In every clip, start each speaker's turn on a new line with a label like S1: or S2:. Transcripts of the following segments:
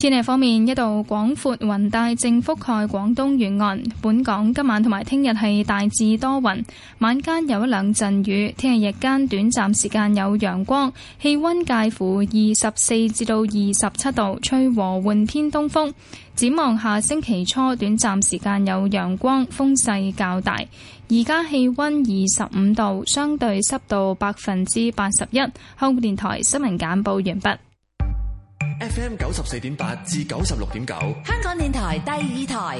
S1: 天氣方面，一道廣闊雲帶正覆蓋廣東沿岸。本港今晚同埋聽日係大致多雲，晚間有一兩陣雨。聽日日間短暫時間有陽光，氣溫介乎二十四至到二十七度，吹和緩偏東風。展望下星期初，短暫時間有陽光，風勢較大。而家氣溫二十五度，相對濕度百分之八十一。香港電台新聞簡報完畢。
S2: FM 九十四點八
S3: 至九十六點九，
S1: 香港電台第二台，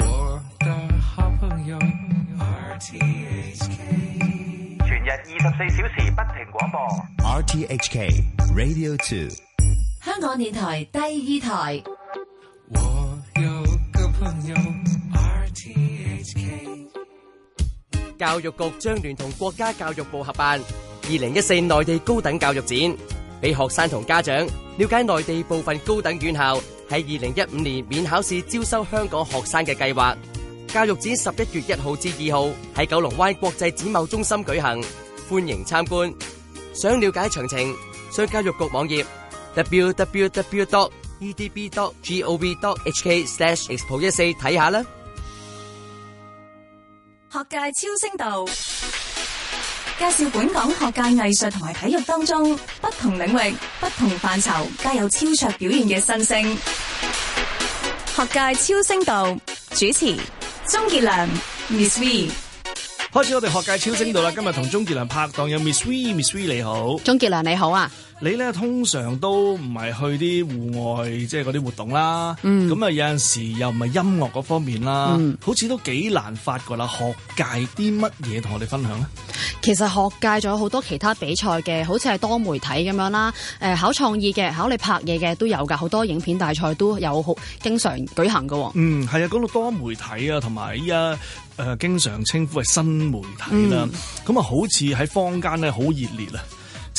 S3: 全日二十四小時不停廣播。RTHK Radio Two，
S4: 香港電台第二台。我
S2: 有個朋友 RTHK。R T H K。
S3: 教育局將聯同國家教育部合辦二零一四內地高等教育展，俾學生同家長。了解內地部分高等院校喺二零一五年免考試招收香港學生嘅計劃，教育展十一月一號至二號喺九龍灣國際展貿中心舉行，歡迎參觀。想了解詳情，上教育局網頁 www dot edb dot gov dot hk 看看 slash expo 一四睇下啦。
S4: 學界超聲道。介紹本港學界藝術同埋體育當中,不同領域,不同範疇,皆有超卓表現嘅新星。學界超星道,主持,鍾傑良,
S2: Miss V. 開始我哋學界超星道啦,今日同鍾傑良拍檔有, Miss V, Miss 你咧，通常都唔係去啲戶外即係嗰啲活動啦，咁啊、嗯、有陣時又唔係音樂嗰方面啦，嗯、好似都幾難發掘啦。學界啲乜嘢同我哋分享咧、啊？
S4: 其實學界仲有好多其他比賽嘅，好似係多媒體咁樣啦，誒、呃、考創意嘅、考你拍嘢嘅都有噶，好多影片大賽都有
S2: 好經常舉行噶、哦。嗯，係啊，講到多媒體啊，同埋依家誒經常稱呼係新媒體啦，咁啊、嗯、好似喺坊間咧好熱烈啊！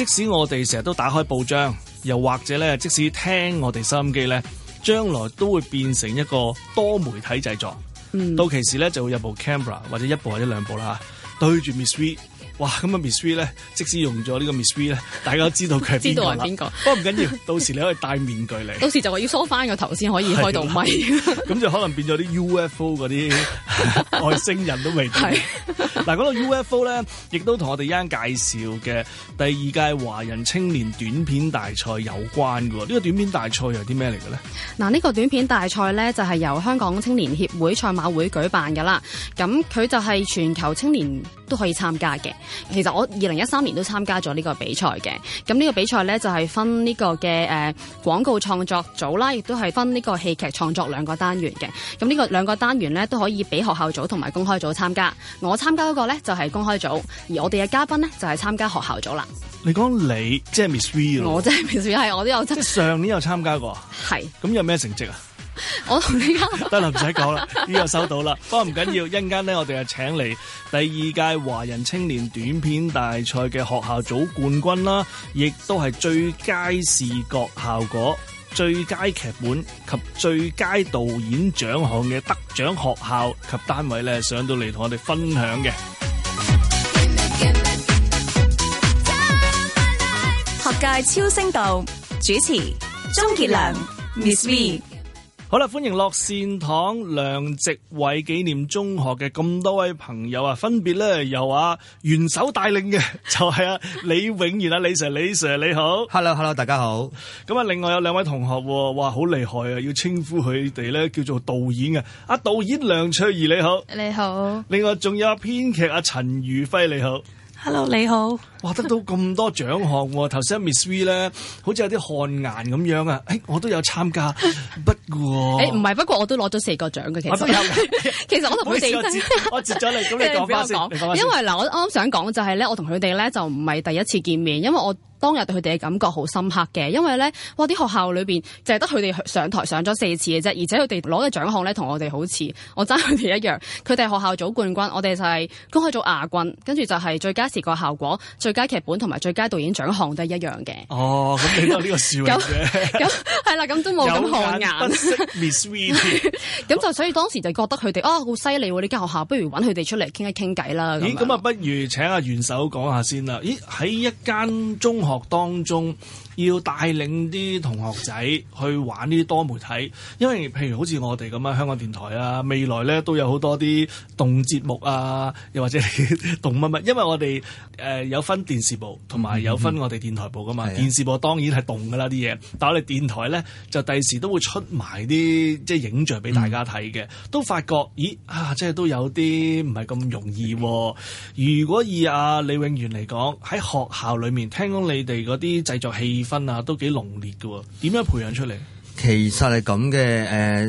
S2: 即使我哋成日都打開報章，又或者咧，即使聽我哋收音機咧，將來都會變成一個多媒體製作。嗯、到其時咧，就會有部 camera 或者一部或者兩部啦，對住 Miss V。哇！咁啊，Miss V 咧，即使用咗呢個 Miss V 咧，大家都知道佢係邊個，知道係邊個？不過唔緊要緊，到時你可以戴面具嚟。 到時
S4: 就話要梳翻個頭先可以開到咪。
S2: 咁吧 就可能變咗啲 UFO 嗰啲外星人都未。係嗱 是，嗰、 那個 UFO 咧，亦都同我哋一陣介紹嘅第二屆華人青年短片大賽有關噶。呢、這個短片大賽又係啲咩嚟嘅咧？
S4: 嗱、啊，呢、這個短片大賽咧就係、是、由香港青年協會賽馬會舉辦噶啦。咁、嗯、佢就係全球青年都可以參加嘅。其實我二零一三年都參加咗呢個比賽嘅，咁呢個比賽咧就係、是、分呢個嘅誒廣告創作組啦，亦都係分呢個戲劇創作兩個單元嘅。咁呢個兩個單元咧都可以俾學校組同埋公開組參加。我參加嗰個咧就係、是、公開組，而我哋嘅嘉賓咧就係、是、參加學校組啦。
S2: 你講你即係、就是、Miss V 我即係 Miss
S4: V 係，我都有參加即係
S2: 上年有參加過。係咁 是有咩成績啊？
S4: 我同你家得啦，唔使講啦，呢個收
S2: 到啦。 不過唔緊要，一陣間咧，我哋就請嚟第二屆華人青年短片大賽嘅學校組冠軍啦，亦都係最佳視覺效果、最佳劇本及最佳導演獎項嘅得獎學校及單位咧，上到嚟同我哋分享嘅。
S4: 學界超聲道主持鍾傑良，鍾傑良，Miss V。
S2: 好啦，歡迎樂善堂梁植偉紀念中學嘅咁多位朋友啊，分別咧由阿、啊、元首帶領嘅就係啊李永元啊， 李 Sir，李 Sir，你好，Hello，Hello，hello, 大家好。咁啊，另外有兩位同學，哇，好厲害啊，要稱呼佢哋咧叫做導演啊。啊，導演梁翠怡，你好，
S1: 你好。
S2: 另外仲有編劇阿陳如暉，你好，Hello，你好。哇！得到咁多獎項喎、啊，頭先 Miss V 咧，好似有啲汗顏咁樣啊！誒、欸，我都有參加，不過誒
S4: 唔係，不過我都攞咗四個獎嘅，其實
S5: 其實我就冇死，
S2: 我截咗你，咁 你講先，因為
S4: 嗱，我啱啱想講就係咧，我同佢哋咧就唔、係、係第一次見面，因為我當日對佢哋嘅感覺好深刻嘅，因為咧，哇！啲學校裏邊淨係得佢哋上台上咗四次嘅啫，而且佢哋攞嘅獎項咧同我哋好似，我爭佢哋一樣，佢哋學校組冠軍，我哋就係公開組亞軍，跟住就係最佳視覺效果最佳劇本同埋最佳導演獎項都係一樣嘅。
S2: 哦，咁睇到呢個笑，咁
S4: 係啦，咁都冇咁看眼。咁就所以當時就覺得佢哋哦，好犀利喎！呢間學校不如揾佢哋出嚟傾一傾偈啦。咦，咁
S2: 啊，不如請阿元首講下先啦。咦，喺一間中學當中，要帶領啲同學仔去玩呢啲多媒體，因為譬如好似我哋咁樣香港電台啊，未來咧都有好多啲動節目啊，又或者呵呵動乜乜，因為我哋誒、呃、有分電視部同埋有，有分我哋電台部噶嘛，嗯、哼電視部當然係動噶啦啲嘢，但係我哋電台咧就第時都會出埋啲即係影像俾大家睇嘅，嗯、都發覺咦啊，即係都有啲唔係咁容易、啊。如果以阿、啊、李永元嚟講，喺學校裏面聽講你哋啲製作戲，氣氛啊，都幾濃烈噶點樣培養出嚟？
S3: 其實係咁嘅，誒、呃，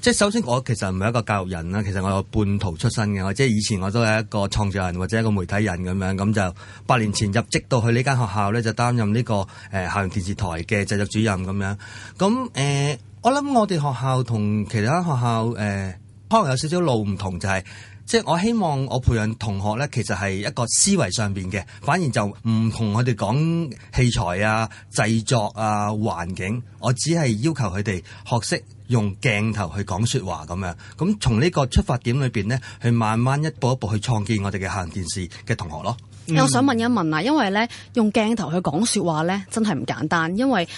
S3: 即係首先我其實唔係一個教育人啦，其實我有半途出身嘅，我即係以前我都係一個創作人或者一個媒體人咁樣，咁就八年前入職到去呢間學校咧，就擔任呢、這個誒、呃、校園電視台嘅製作主任咁樣，咁誒、呃，我諗我哋學校同其他學校誒、呃、可能有少少路唔同就係、是。即係我希望我培養同學咧，其實係一個思維上邊嘅，反而就唔同佢哋講器材啊、製作啊、環境，我只係要求佢哋學識用鏡頭去講說話咁樣。咁從呢個出發點裏邊呢，去慢慢一步一步去創建我哋嘅校園電視嘅同學咯。嗯，我
S4: 想問一問啊，因為呢用鏡頭去講說話呢，真係唔簡單，因為。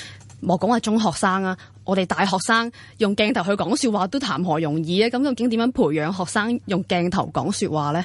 S4: 莫講係中學生啊，我哋大學生用鏡頭去講説話都談何容易啊！咁究竟點樣培養學生用鏡頭講説話咧？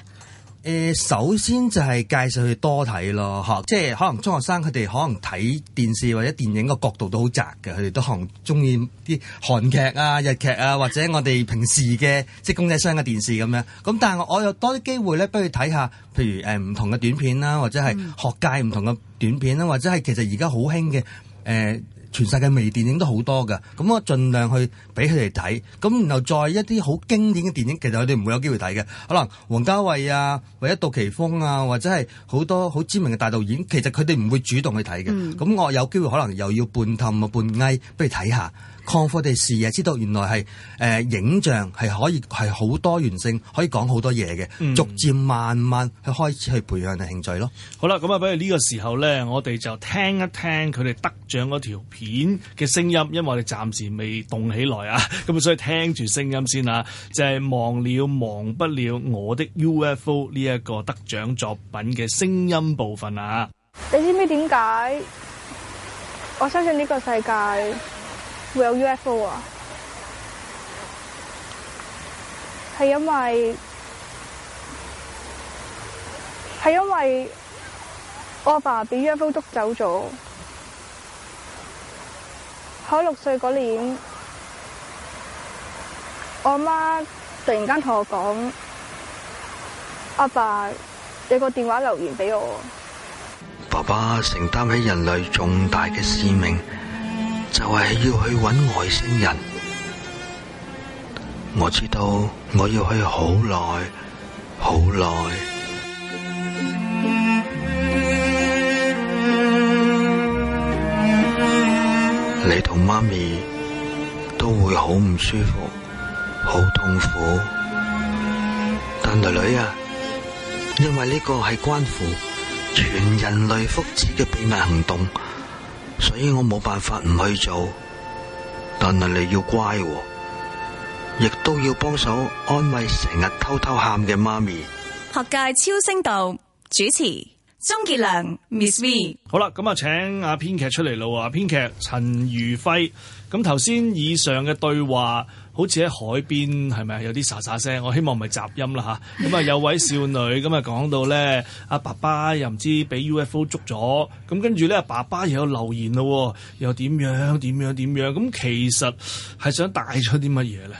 S3: 誒、呃，首先就係介紹佢多睇咯，嚇、嗯！即係可能中學生佢哋可能睇電視或者電影個角度都好窄嘅，佢哋都可能中意啲韓劇啊、日劇啊，或者我哋平時嘅即係公仔商嘅電視咁樣。咁但係我有多啲機會咧，不如睇下，譬如誒，呃，唔同嘅短片啦，或者係學界唔同嘅短片啦，嗯、或者係其實而家好興嘅誒。呃全世界微電影都好多㗎，咁我盡量去俾佢哋睇，咁然後再一啲好經典嘅電影，其實佢哋唔會有機會睇嘅，可能王家衞啊，啊，或者杜琪峰啊，或者係好多好知名嘅大導演，其實佢哋唔會主動去睇嘅，咁、嗯、我有機會可能又要半氹啊半翳，不如睇下。放科地時啊，知道原來係誒、呃、影像係可以係好多元性，可以講好多嘢嘅。嗯、逐漸慢慢去開始去培養佢興趣咯。
S2: 好啦，咁啊，不如呢個時候咧，我哋就聽一聽佢哋得獎嗰條片嘅聲音，因為我哋暫時未動起來啊。咁 所以聽住聲音先啊。就係、是、忘了忘不了我的 UFO 呢一個得獎作品嘅聲音部分啊。你
S1: 知唔知點解我相信呢個世界？會有 UFO 啊？係因為係因為我阿爸被 UFO 捉走咗。喺我六歲嗰年，我媽突然間同我講：阿爸有個電話留言俾我。
S3: 爸爸承擔起人類重大嘅使命。嗯就係要去搵外星人，我知道我要去好耐好耐， 你同媽咪都會好唔舒服，好痛苦，但女女呀，因為呢個係關乎全人類福祉嘅秘密行動。所以我冇辦法唔去做，但係你要乖，亦都要幫手安慰成日偷偷喊嘅媽咪。
S4: 學界超聲道，主持。鍾傑良，Miss V。
S2: 好啦，咁啊，請阿編劇出嚟啦。啊，編劇陳如暉，咁頭先以上嘅對話好似喺海邊，係咪有啲沙沙聲？我希望唔係雜音啦吓。咁啊，有位少女咁啊，講到咧，阿爸爸又唔知俾 UFO 捉咗，咁跟住咧，啊、爸爸又有留言咯，又點樣？點樣？點樣？咁其實係想帶出啲乜嘢咧？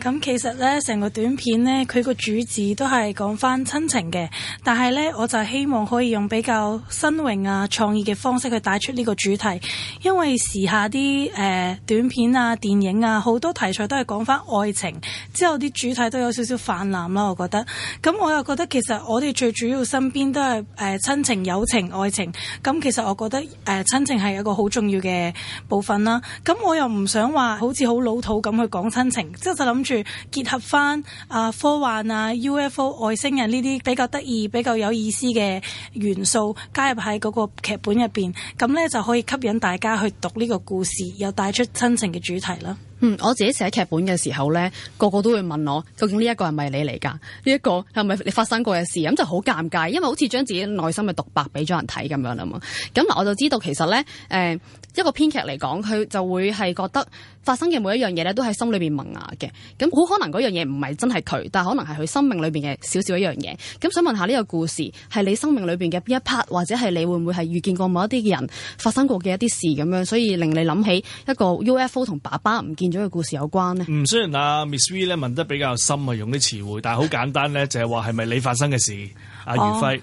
S5: 咁其實咧，成個短片咧，佢個主旨都係講翻親情嘅。但係咧，我就希望可以用比較新穎啊、創意嘅方式去帶出呢個主題，因為時下啲誒、呃、短片啊、電影啊，好多題材都係講翻愛情，之後啲主題都有少少泛濫咯。我覺得，咁我又覺得其實我哋最主要身邊都係誒、呃、親情、友情、愛情。咁其實我覺得誒、呃、親情係一個好重要嘅部分啦。咁我又唔想話好似好老土咁去講親情，之後就諗、是。跟住結合翻啊科幻啊 UFO 外星人呢啲比較得意、比較有意思嘅元素加入喺嗰個劇本入邊，咁呢就可以吸引大家去讀呢個故事，又帶出親情嘅主題啦。嗯，
S4: 我自己寫劇本嘅時候呢，個個都會問我，究竟呢一個係咪你嚟噶？呢一個係咪你發生過嘅事？咁就好尷尬，因為好似將自己內心嘅獨白俾咗人睇咁樣啊嘛。咁我就知道其實呢誒、呃，一個編劇嚟講，佢就會係覺得。發生嘅每一樣嘢咧，都喺心裏邊萌芽嘅。咁好可能嗰樣嘢唔係真係佢，但係可能係佢生命裏邊嘅小小一樣嘢。咁想問下呢個故事，係你生命裏邊嘅邊一 part，或者係你會唔會係遇見過某一啲嘅人，發生過嘅一啲事咁樣，所以令你諗起一個 UFO 同爸爸唔見咗嘅故事有
S2: 關呢？唔、嗯，雖然阿、啊、Miss V 咧問得比較深啊，用啲詞彙，但係好簡單咧，就係話係咪你發生嘅事，阿、啊、如暉。啊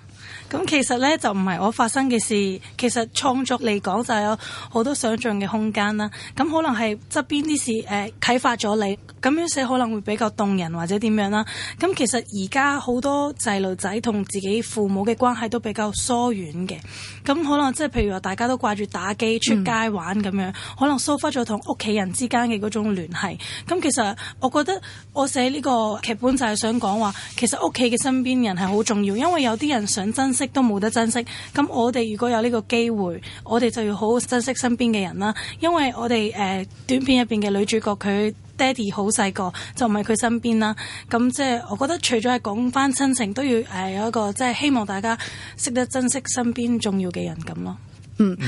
S5: 咁其實咧就唔係我發生嘅事，其實創作嚟講就係有好多想像嘅空間啦。咁可能係側邊啲事誒、呃、啟發咗你。咁樣寫可能會比較動人或者點樣啦。咁其實而家好多細路仔同自己父母嘅關係都比較疏遠嘅。咁可能即係譬如話，大家都掛住打機、出街玩咁、嗯、樣，可能疏忽咗同屋企人之間嘅嗰種聯繫。咁其實我覺得我寫呢個劇本就係想講話，其實屋企嘅身邊人係好重要，因為有啲人想珍惜都冇得珍惜。咁我哋如果有呢個機會，我哋就要好好珍惜身邊嘅人啦。因為我哋誒、呃、短片入邊嘅女主角佢。爹哋好細個，就唔係佢身邊啦。咁即係，我覺得除咗係講翻親情，都要誒有一個即係希望大家識得珍惜身邊重要嘅人咁咯。嗯，
S4: 誒、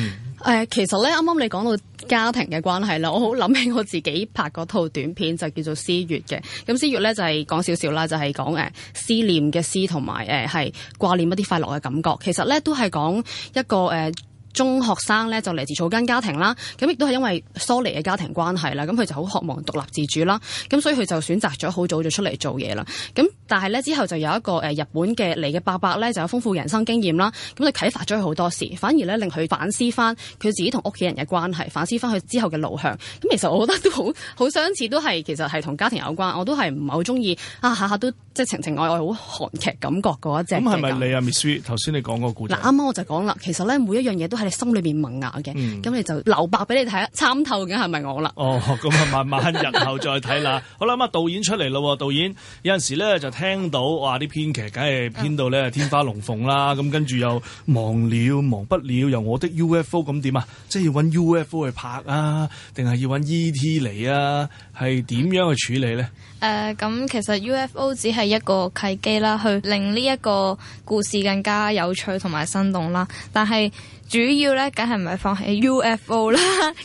S4: 呃、其實咧，啱啱你講到家庭嘅關係啦，我好諗起我自己拍嗰套短片就叫做《思月》嘅。咁、嗯《思月》咧就係講少少啦，就係講誒思念嘅思同埋誒係掛念一啲快樂嘅感覺。其實咧都係講一個誒。呃中學生咧就嚟自草根家庭啦，咁亦都係因為疏離嘅家庭關係啦，咁佢就好渴望獨立自主啦，咁所以佢就選擇咗好早就出嚟做嘢啦。咁但係咧之後就有一個誒日本嘅嚟嘅伯伯咧，就有豐富人生經驗啦，咁就啟發咗佢好多事，反而咧令佢反思翻佢自己同屋企人嘅關係，反思翻佢之後嘅路向。咁其實我覺得都好好相似，都係其實係同家庭有關。我都係唔係好中意啊，下下都即係情情愛愛好韓劇感覺嗰一隻。咁係咪你
S2: 啊，Ms V 頭先你講個故事？嗱啱
S4: 啱我就講啦，其實咧每一樣嘢都喺你心裏面萌芽嘅，咁、嗯、你就留白俾你睇，參透嘅係咪我啦？
S2: 哦，咁啊，慢慢日後再睇啦。 好啦，咁啊，導演出嚟咯，導演有陣時咧就聽到哇啲編劇，梗係編到咧天花龍鳳啦，咁、嗯、跟住又忘了，忘不了由我的 UFO 咁點啊？即係要揾 UFO 去拍啊，定係要揾 ET 嚟啊？係點樣去處理咧？
S6: 誒、呃，咁其實 UFO 只係一個契機啦，去令呢一個故事更加有趣同埋生動啦，但係。主要咧，梗係唔係放喺 UFO 啦，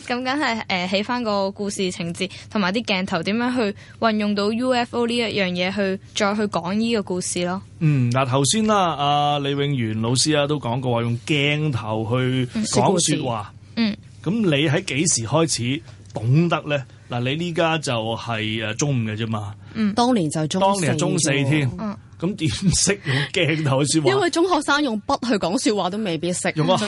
S6: 咁梗係誒，起翻個故事情節同埋啲鏡頭點樣去運用到 UFO 呢一樣嘢去再去講呢個故事咯。嗯，
S2: 嗱頭先啦，阿、呃、李永元老師啊都講過話用鏡頭去講說話。嗯。咁你喺幾時開始懂得咧？嗱，你呢家就係誒中午中五嘅啫嘛。嗯。
S4: 當年就中。當年係中四添。嗯、啊。
S2: 咁點識用鏡頭說話？因為
S4: 中學生用筆去講說話都未必識，用個口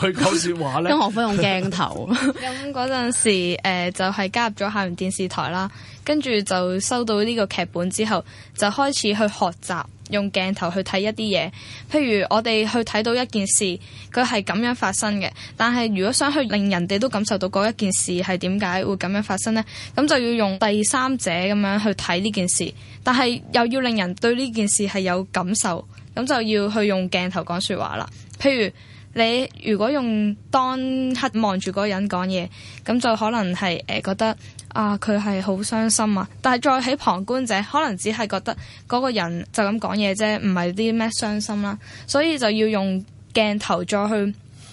S2: 去講說話咧。中 學分用鏡頭，
S4: 咁嗰陣時誒、呃，就係、是、加入咗校園電視台啦，
S6: 跟住就收到呢個劇本之後，就開始去學習。用鏡頭去睇一啲嘢，譬如我哋去睇到一件事，佢係咁樣發生嘅。但係如果想去令人哋都感受到嗰一件事係點解會咁樣發生呢？咁就要用第三者咁樣去睇呢件事，但係又要令人對呢件事係有感受，咁就要去用鏡頭講說話啦。譬如你如果用當刻望住嗰個人講嘢，咁就可能係誒、呃、覺得。啊！佢係好傷心啊，但係再喺旁觀者，可能只係覺得嗰個人就咁講嘢啫，唔係啲咩傷心啦、啊。所以就要用鏡頭再去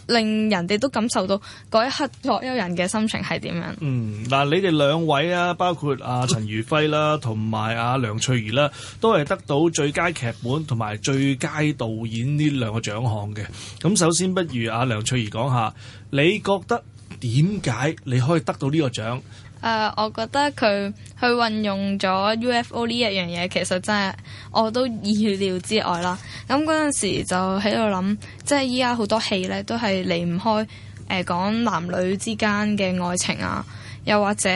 S6: 令人哋都感受到嗰一刻所有人嘅心情係點樣。
S2: 嗯，嗱、啊，你哋兩位啊，包括阿、啊、陳如暉啦、啊，同埋阿梁翠怡啦、啊，都係得到最佳劇本同埋最佳導演呢兩個獎項嘅。咁首先，不如阿、啊、梁翠怡講下，你覺得點解你可以得到呢個獎？
S6: 誒，uh, 我覺得佢去運用咗 UFO 呢一樣嘢，其實真係我都意料之外啦。咁嗰陣時就喺度諗，即係依家好多戲呢都係離唔開誒、呃、講男女之間嘅愛情啊，又或者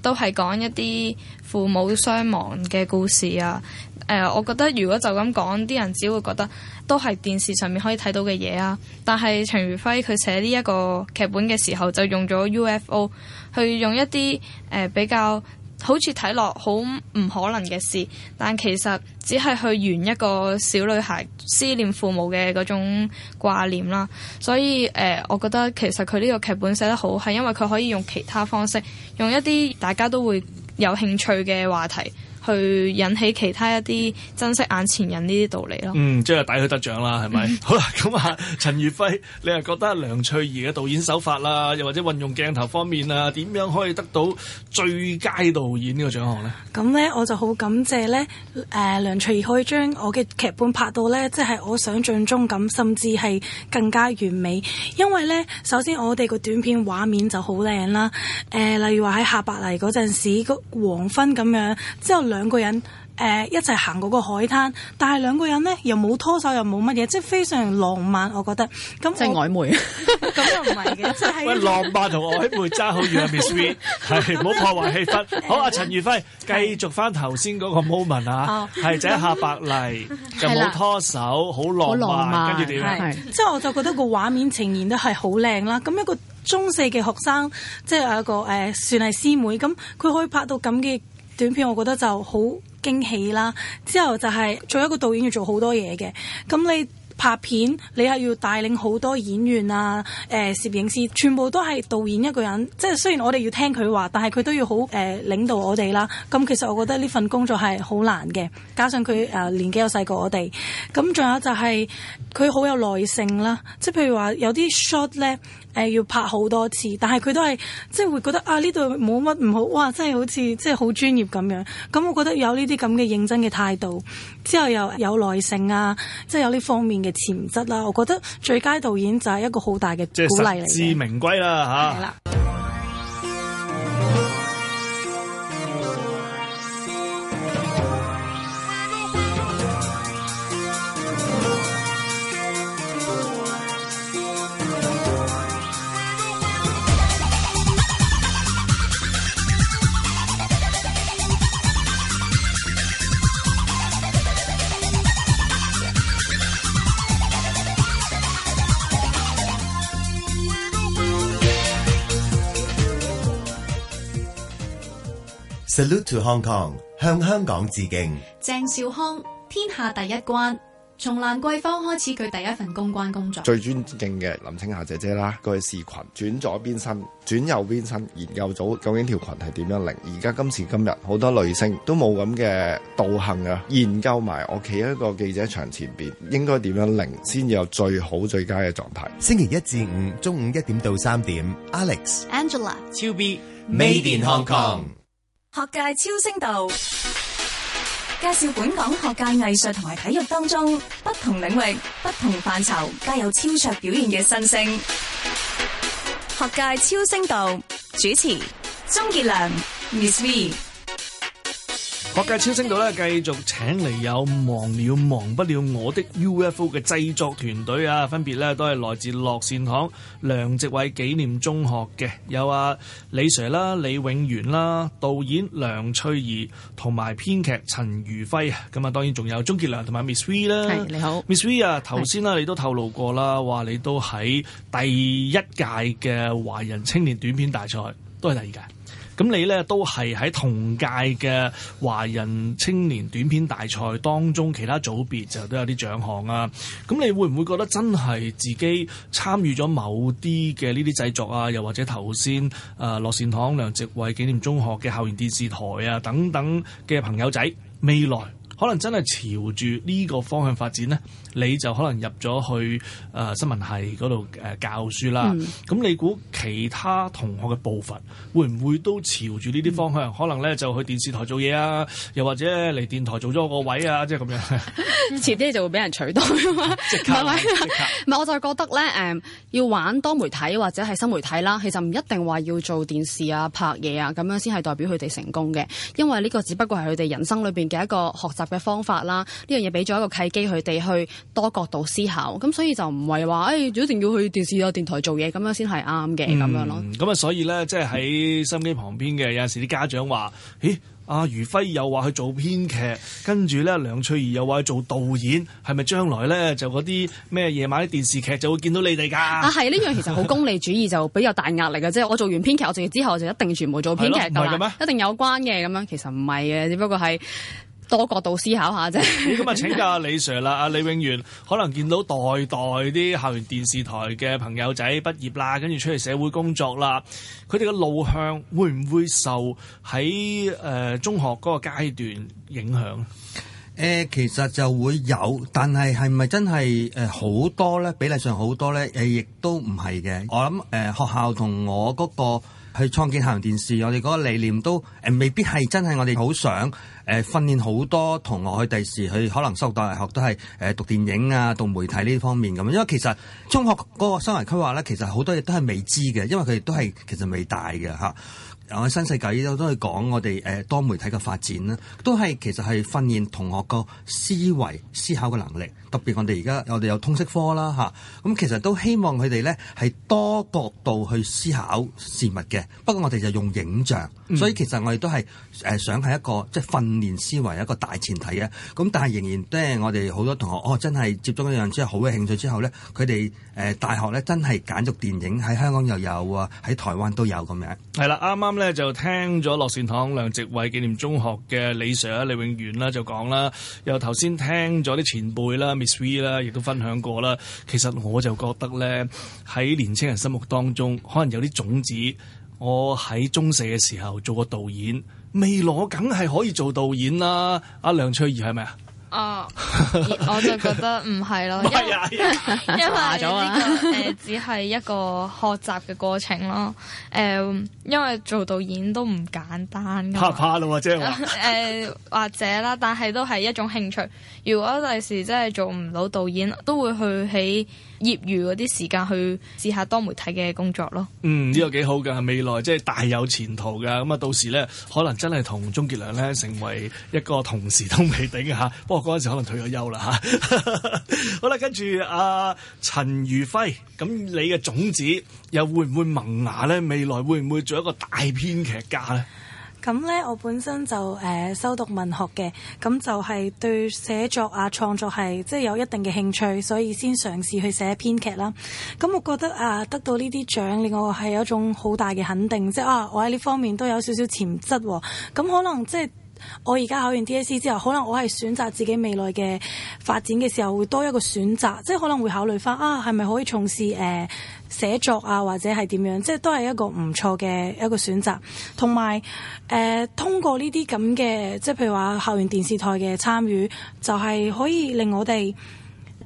S6: 都係講一啲。父母傷亡嘅故事啊，誒、呃，我覺得如果就咁講，啲人只會覺得都係電視上面可以睇到嘅嘢啊。但係陳如暉佢寫呢一個劇本嘅時候，就用咗 UFO 去用一啲誒、呃、比較好似睇落好唔可能嘅事，但其實只係去圓一個小女孩思念父母嘅嗰種掛念啦。所以誒、呃、我覺得其實佢呢個劇本寫得好，係因為佢可以用其他方式用一啲大家都會。有興趣嘅話題，去引起其他一啲珍惜眼前人呢啲道理咯。嗯，
S2: 即係抵佢得獎啦，係咪？好啦，咁啊，陳如暉，你又覺得梁翠怡嘅導演手法啦，又或者運用鏡頭方面啊，點樣可以得到最佳導演呢個獎項咧？
S5: 咁咧，我就好感謝咧，誒、呃、梁翠怡可以將我嘅劇本拍到咧，即、就、係、是、我想象中咁，甚至係更加完美。因為咧，首先我哋個短片畫面就好靚啦，誒、呃、例如話喺下白泥嗰陣時個黃昏咁樣之後。兩個人誒一齊行嗰個海灘，但係兩個人咧又冇拖手又冇乜嘢，即係非常浪漫，我覺得咁。即係曖昧，咁又唔係嘅，即
S2: 係。喂，浪漫同曖昧揸好遠啊，Ms V，係唔好破壞氣氛。好啊，陳如暉，繼續翻頭先嗰個 moment 啊，係即係下白麗，就冇拖手，好浪漫，跟住點？
S5: 係即係我就覺得個畫面呈現得係好靚啦。咁一個中四嘅學生，即係有一個誒，算係師妹，咁佢可以拍到咁嘅。短片我覺得就好驚喜啦，之後就係做一個導演要做好多嘢嘅，咁你。拍片你係要帶領好多演員啊，誒、呃、攝影師全部都係導演一個人，即係雖然我哋要聽佢話，但係佢都要好誒、呃、領導我哋啦。咁、嗯、其實我覺得呢份工作係好難嘅，加上佢誒、呃、年紀又細過我哋，咁、嗯、仲有就係佢好有耐性啦。即係譬如話有啲 shot 咧，誒、呃、要拍好多次，但係佢都係即係會覺得啊，呢度冇乜唔好，哇真係好似即係好專業咁樣，咁、嗯嗯、我覺得有呢啲咁嘅認真嘅態度，之後又有，有耐性啊，即係有呢方面嘅潛質啦，我覺得最佳導演就係一個好大嘅鼓勵嚟嘅。係實至
S2: 名歸啦嚇。啊
S3: Salute to Hong Kong，向香港致敬。
S4: 鄭少康天下第一關，從蘭桂坊開始佢第一份公關工作。最
S3: 尊敬嘅林青霞姐姐啦，佢試裙，轉左邊身，轉右邊身，研究組究竟條裙係點樣擰。而家今時今日好多女星都冇咁嘅道行啊，研究埋我企喺一個記者牆前邊，應該點樣擰先至有最好最佳嘅狀態。星期一至五中午一點到三點，Alex
S4: Angela 超 B Made in Hong Kong。學界超聲道。介紹本港學界藝術同埋體育當中，不同領域，不同範疇，皆有超卓表現嘅新星。學界超聲道，主持鍾傑良、Miss V。
S2: 學界超聲道咧，繼續請嚟有忘了忘不了我的 UFO 嘅製作團隊啊，分別咧都係來自樂善堂梁植偉紀念中學嘅，有啊李 Sir 啦、李永元啦、導演梁翠怡同埋編劇陳如暉啊，咁啊，當然仲有鍾傑良同埋 Miss V 啦。係，你好，Miss V 啊，頭先啦，你都透露過啦，話是你都喺第一屆嘅華人青年短片大賽，都係第二屆。咁你咧都係喺同屆嘅華人青年短片大賽當中，其他組別就都有啲獎項啊。咁你會唔會覺得真係自己參與咗某啲嘅呢啲製作啊？又或者頭先誒樂善堂梁植偉紀念中學嘅校園電視台啊等等嘅朋友仔未來。可能真係朝住呢個方向發展咧，你就可能入咗去誒、呃、新聞系度誒、呃、教書啦。咁、嗯、你估其他同學嘅步伐會唔會都朝住呢啲方向？嗯、可能咧就去電視台做嘢啊，又或者嚟電台做咗個位啊，即係咁樣。
S4: 遲啲、嗯嗯、就會俾人取代㗎嘛。唔係，我就覺得咧誒、嗯、要玩多媒體或者係新媒體啦，其實唔一定話要做電視啊、拍嘢啊咁樣先係代表佢哋成功嘅，因為呢個只不過係佢哋人生裏邊嘅一個學習，嘅方法啦，呢樣嘢俾咗一個契機，佢哋去多角度思考，咁所以就唔係話誒，一定要去電視啊、電台做嘢，咁樣先係啱嘅咁樣
S2: 咯。咁啊，所以咧， 即係喺收音機旁邊嘅，有陣時啲家長話，咦，阿、啊、如暉又話去做編劇，跟住咧梁翠怡又話去做導演，係咪將來咧就嗰啲咩夜晚啲電視劇就會見到你哋噶？啊，係
S4: 呢樣其實好功利主義， 就比較大壓力嘅啫。即係我做完編劇，我做完之後，我做完之後我就一定全部做編劇，夠啦吧，一定有關嘅。咁樣其實唔係嘅，只不過係。 多角度思考下啫、 嗯。咁啊，請
S2: 教阿李 Sir 啦，阿李永元可能見到代代啲校園電視台嘅朋友仔畢業啦，跟住出嚟社會工作啦，佢哋嘅路向會唔會受喺誒、呃、中學嗰個階段影響？
S3: 誒、呃，其實就會有，但係係咪真係誒好多咧？比例上好多咧，誒，亦都唔係嘅。我諗誒、呃，學校同我嗰、嗰個。去創建校園電視，我哋嗰個理念都誒、呃、未必係真係我哋好想誒、呃、訓練好多同學去第時去可能收到大學都係誒、呃、讀電影啊、讀媒體呢方面咁，因為其實中學嗰個生涯規劃咧，其實好多嘢都係未知嘅，因為佢哋都係其實未大嘅嚇。我喺新世界都都去講我哋誒、呃、多媒體嘅發展啦，都係其實係訓練同學個思維思考嘅能力，特別我哋而家我哋有通識科啦嚇，咁、啊嗯、其實都希望佢哋咧係多角度去思考事物嘅。不過我哋就用影像，所以其實我哋都係。嗯誒想係一個即係訓練思維一個大前提嘅。咁但係仍然都係我哋好多同學哦，真係接觸一樣即係好嘅興趣之後咧，佢哋誒大學咧真係揀讀電影，喺香港又有啊，喺台灣都有咁樣。
S2: 係啦，啱啱咧就聽咗樂善堂梁植偉紀念中學嘅李 sir 李永元啦就講啦，又頭先聽咗啲前輩啦 Ms V 啦，亦都分享過啦。其實我就覺得咧，喺年輕人心目當中，可能有啲種子。我喺中四嘅時候做過導演，未來我梗係可以做導演啦。阿梁翠怡係咪啊？哦， 我就覺得
S6: 唔係咯，因為 因為呢、這個誒、 呃、只係一個學習嘅過程咯，誒、呃，因為做導演都唔簡單嘅，怕怕咯、 呃，或者誒或者啦，但係都係一種興趣。如果第時真係做唔到導演，都會去喺業餘嗰啲時間去試下多媒體嘅工作
S2: 咯。嗯，呢、這個幾好噶，未來即係大有前途噶。咁啊，到時咧可能真係同鍾傑良咧成為一個同事都未定。吓。我嗰陣時可能退咗休啦吓，啊、 好啦，跟住阿陳如暉，咁你嘅種子又會唔會萌芽咧？未來會唔會做一個大編劇家咧？
S5: 咁咧，我本身就誒、呃、修讀文學嘅，咁就係對寫作啊創作係即係有一定嘅興趣，所以先嘗試去寫編劇啦。咁我覺得啊、呃，得到呢啲獎，令我係有一種好大嘅肯定，即、就、係、是、啊，我喺呢方面都有少少潛質。咁、啊、可能即係。就是我而家考完 D.A.C. 之後，可能我係選擇自己未來嘅發展嘅時候，會多一個選擇，即係可能會考慮翻啊，係咪可以從事誒寫作啊，或者係點樣，即係都係一個唔錯嘅一個選擇。同埋誒，通過呢啲咁嘅，即係譬如話校園電視台嘅參與，就係可以令我哋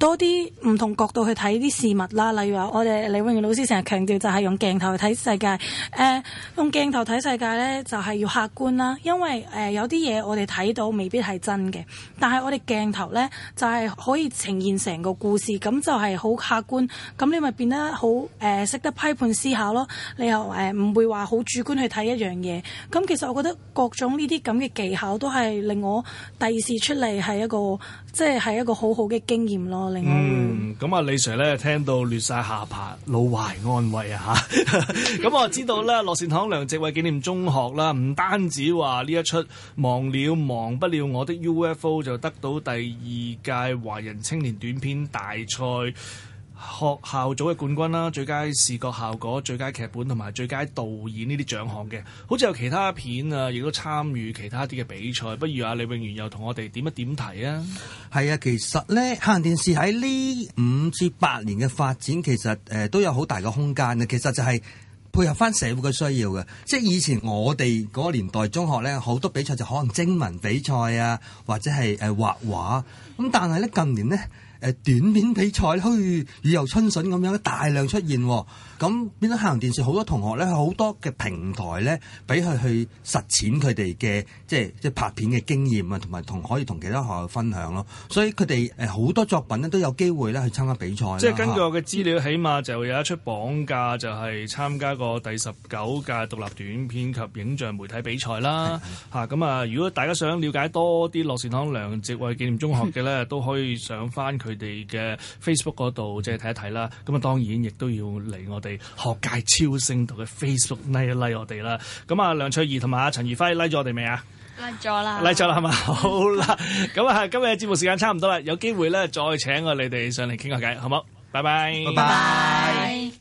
S5: 多啲唔同角度去睇啲事物啦，例如話我哋李永元老師成日強調就係用鏡頭去睇世界。誒、呃、用鏡頭睇世界咧就係、是、要客觀啦，因為誒、呃、有啲嘢我哋睇到未必係真嘅，但係我哋鏡頭咧就係、是、可以呈現成個故事，咁就係好客觀，咁你咪變得好誒識得批判思考咯。你又誒唔會話好主觀去睇一樣嘢。咁其實我覺得各種呢啲咁嘅技巧都係令我第二次出嚟係一個即係係一個好好嘅經驗咯。嗯，
S2: 咁啊，李 Sir 咧聽到攣晒下巴，老懷安慰啊嚇！咁 我知道咧，樂善堂梁植偉紀念中學啦，唔單止話呢一出忘了忘不了我的 UFO 就得到第二屆華人青年短片大賽學校組嘅冠軍啦，最佳視覺效果、最佳劇本同埋最佳導演呢啲獎項嘅，好似有其他片啊，亦都參與其他啲嘅比賽。不如啊，李永元又同我哋點一點題啊？
S3: 係啊，其實咧，黑人電視喺呢五至八年嘅發展，其實誒、呃、都有好大嘅空間嘅。其實就係配合翻社會嘅需要嘅，即係以前我哋嗰年代中學咧，好多比賽就可能徵文比賽啊，或者係誒畫畫咁，但係咧近年咧。誒短片比賽好似雨後春筍咁樣大量出現，喎、嗯。咁變咗黑人電視好多同學咧，好多嘅平台咧，俾佢去實踐佢哋嘅即係即係拍片嘅經驗啊，同埋同可以同其他學校分享咯。所以佢哋誒好多作品咧都有機會咧去參加比賽，即係根據我
S2: 嘅資料， 起碼就有一出《綁架》，就係參加個第十九屆獨立短片及影像媒體比賽啦。吓咁的啊！如果大家想了解多啲樂善堂梁植偉紀念中學嘅咧， 都可以上翻佢。佢哋嘅 Facebook 嗰度，即係睇一睇啦。咁啊，當然亦都要嚟我哋學界超星度嘅 Facebook 拉一拉我哋、like like、啦。咁啊、like，梁翠怡同埋阿陳如暉拉咗我哋未啊？
S6: 拉咗啦，
S2: 拉咗啦，係咪？好啦，咁 啊，今日節目時間差唔多啦，有機會咧再請我哋哋上嚟傾下偈，好冇？拜拜，拜
S1: 拜。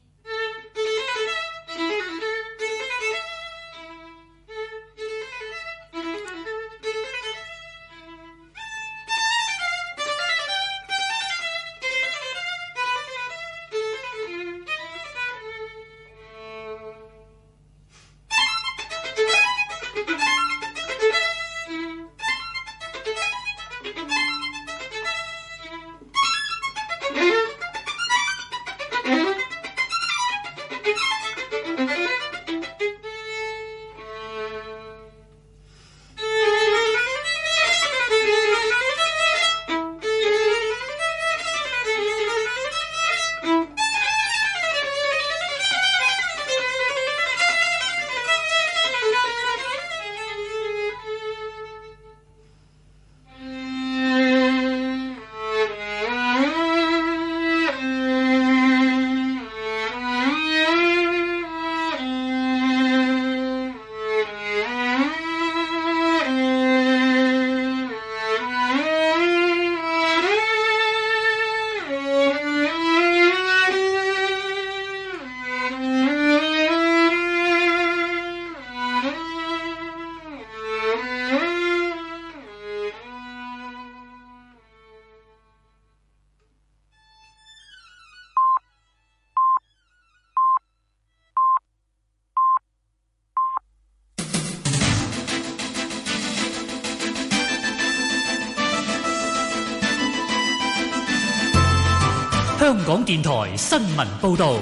S4: 電台新聞報道：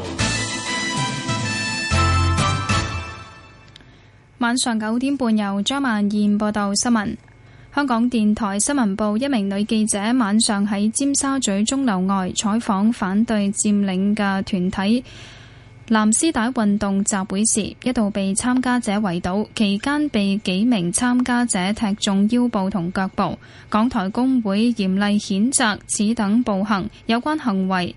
S1: 晚上九點半，由張曼燕報道新聞。香港電台新聞部一名女記者晚上喺尖沙咀鐘樓外採訪反對佔領嘅團體藍絲帶運動集會時，一度被參加者圍堵，期間被幾名參加者踢中腰部同腳部。港台工會嚴厲譴、譴責此等暴行，有關行為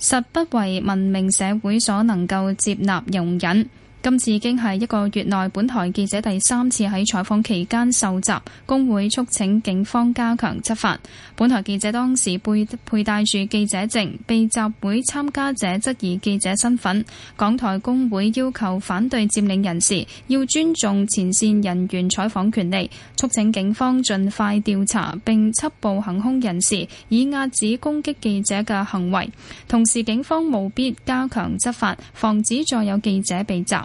S1: 實不為文明社會所能夠接納容忍。今次已經係一個月內，本台記者第三次喺採訪期間受襲，工會促請警方加強執法。本台記者當時背佩戴住記者證，被集會參加者質疑記者身份。港台工會要求反對佔領人士要尊重前線人員採訪權利，促請警方盡快調查並緝捕行兇人士，以壓止攻擊記者嘅行為。同時，警方務必加強執法，防止再有記者被襲。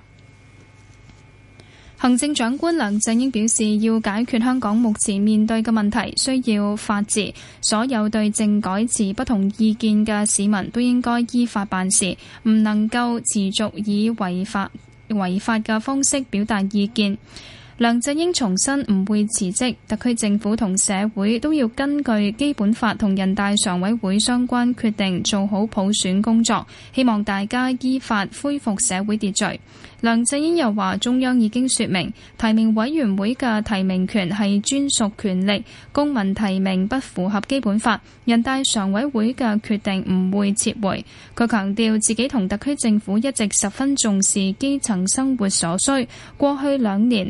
S1: 行政長官梁振英表示，要解決香港目前面對嘅問題，需要法治。所有對政改持不同意見嘅市民都應該依法辦事，唔能夠持續以違法違法嘅方式表達意見。梁振英重申唔會辭職，特區政府同社會都要根據基本法同人大常委會相關決定做好普選工作。希望大家依法恢復社會秩序。梁振英又話，中央已經說明提名委員會嘅提名權係專屬權力，公民提名不符合基本法，人大常委會嘅決定唔會撤迴。佢強調自己同特區政府一直十分重視基層生活所需。過去兩年。